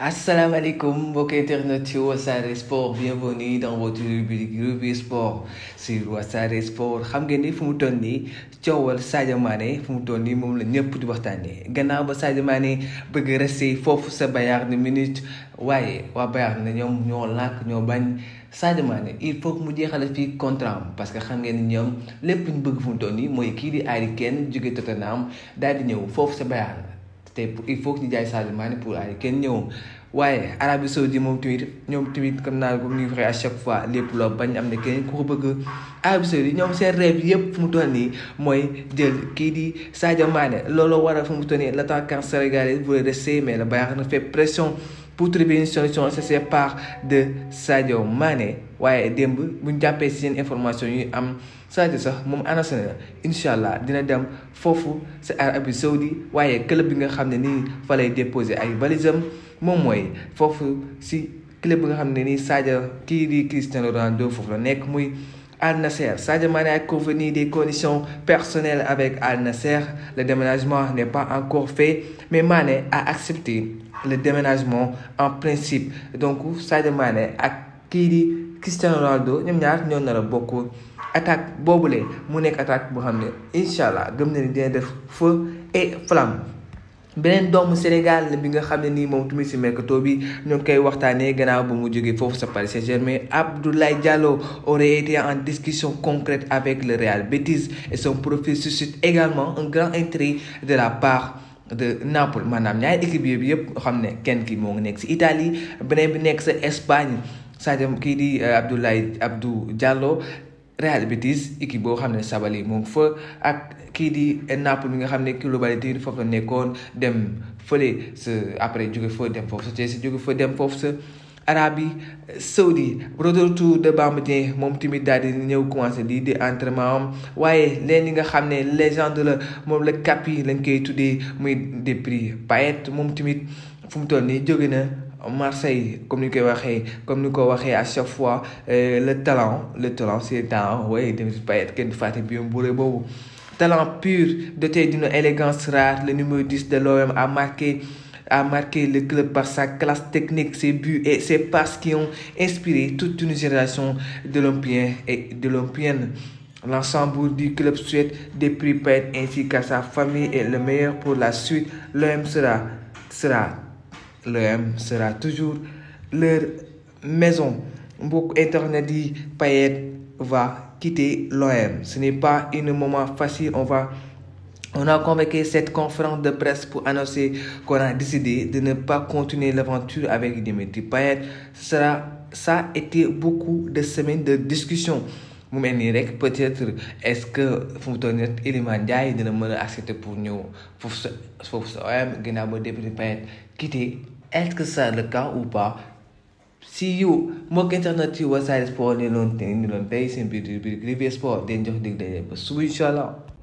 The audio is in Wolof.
asalaamaaleykum mbokk internet yu wasaare sport bienvenue dans votre rubrique revue sport sur wasaare sport xam ngeen ni fu mu toll nii coowal Sadio Mané fu mu toll nii moom la ñëpp di waxtaanee gannaaw ba Sadio Mané bëgg rester foofu sa Bayern Munich waaye waa Bayern ne ñoom ñoo lànk ñoo bañ Sadio il faut que mu jeexale fii contrat am parce que xam ngeen ni ñoom lépp ñu bëgg fu mu toll nii mooy kii di Harry kenn jóge Tottenham daal di ñëw foofu sa Bayern te il faut ñu jaay Sadio Mané pour Harry ñëw. waaye Arabie Saoudite moom tamit ñoom tamit comme naa ko ñu waxee à chaque fois lépp loo bañ am ne keneen ku ko bëgg Arabie Saoudite ñoom seen rêve yëpp fu mu toll nii mooy jël kii di Sadio Mané looloo waral fu mu toll nii l'attaquant sénégalais voulait rester mais le Bayern na fait pression pour trouver une solution c'est ses de Sadio Mané waaye démb bu ñu jàppee si seen information yu am Sadio sax moom annoncé na incha allah dina dem foofu sa Arabie Saoudite waaye club bi nga xam ne nii fa lay déposer ay valisam moom hmm. mooy si le nga Al Nasser a convenu des conditions personnelles avec Al Nasser le déménagement n'est pas encore fait mais Mane a accepté le déménagement en principe donc Sadio Mane ak Cristiano Ronaldo ñoom ñaar ñoo nar a attaque mu attaque gëm feu et flamme beneen doomu Sénégal bi nga xam ne nii moom tamit si mercato bi ñu ngi koy waxtaanee gannaaw ba mu jógee foofu sa Paris Saint-Germain Abdoulaye Diallo aurait été en discussion concrète avec le Real Betis et son profil suscite également un grand intérêt de la part de Naples maanaam ñaari équipe yooyu yëpp xam ne kenn ki moo ngi nekk si Italie beneen bi nekk sa Espagne Sadio kii di euh, Abdoulaye Abdou Diallo. Real Betis équipe boo xam ne Sabaly moom fa ak kii di Naples mi nga xam ne kilo globalité foofu la nekkoon dem fële sa après jóge foo dem foofu sa Chelsea jóge fa dem foofu sa Arabie Saoudi retour de Bamba Dieng moom tamit daal ñëw commencé lii di entraînement am waaye leen yi nga xam ne légende la moom la cap yi lañ koy tuddee muy des prix Payet moom tamit fu mu toll nii jóge na Marseille comme nous koy comme nous à chaque fois euh, le talent le talent c'est talent oui pas être qu'une bien bourré, talent pur doté d'une élégance rare le numéro 10 de l'OM a marqué a marqué le club par sa classe technique, ses buts et ses passes qui ont inspiré toute une génération d'Olympiens et d'Olympiennes. L'ensemble du club souhaite des prix ainsi qu'à sa famille et le meilleur pour la suite. L'OM sera, sera l'OM sera toujours leur maison. Beaucoup internet dit Payet va quitter l'OM. Ce n'est pas un moment facile. On va on a convoqué cette conférence de presse pour annoncer qu'on a décidé de ne pas continuer l'aventure avec Dimitri Payet. Ça, ça a été beaucoup de semaines de discussion. mu mel ni rek peut être est ce que fu mu toog nit Iliman Ndiaye dina mën a accepté pour ñëw foofu sa foofu sa OM ba début de période quitté est ce que ça le cas ou pas si yow moo gën sax nag ci wasaare sport ni loon ni loon tey seen biir biir biir sport dañ jox dig dañ ba suba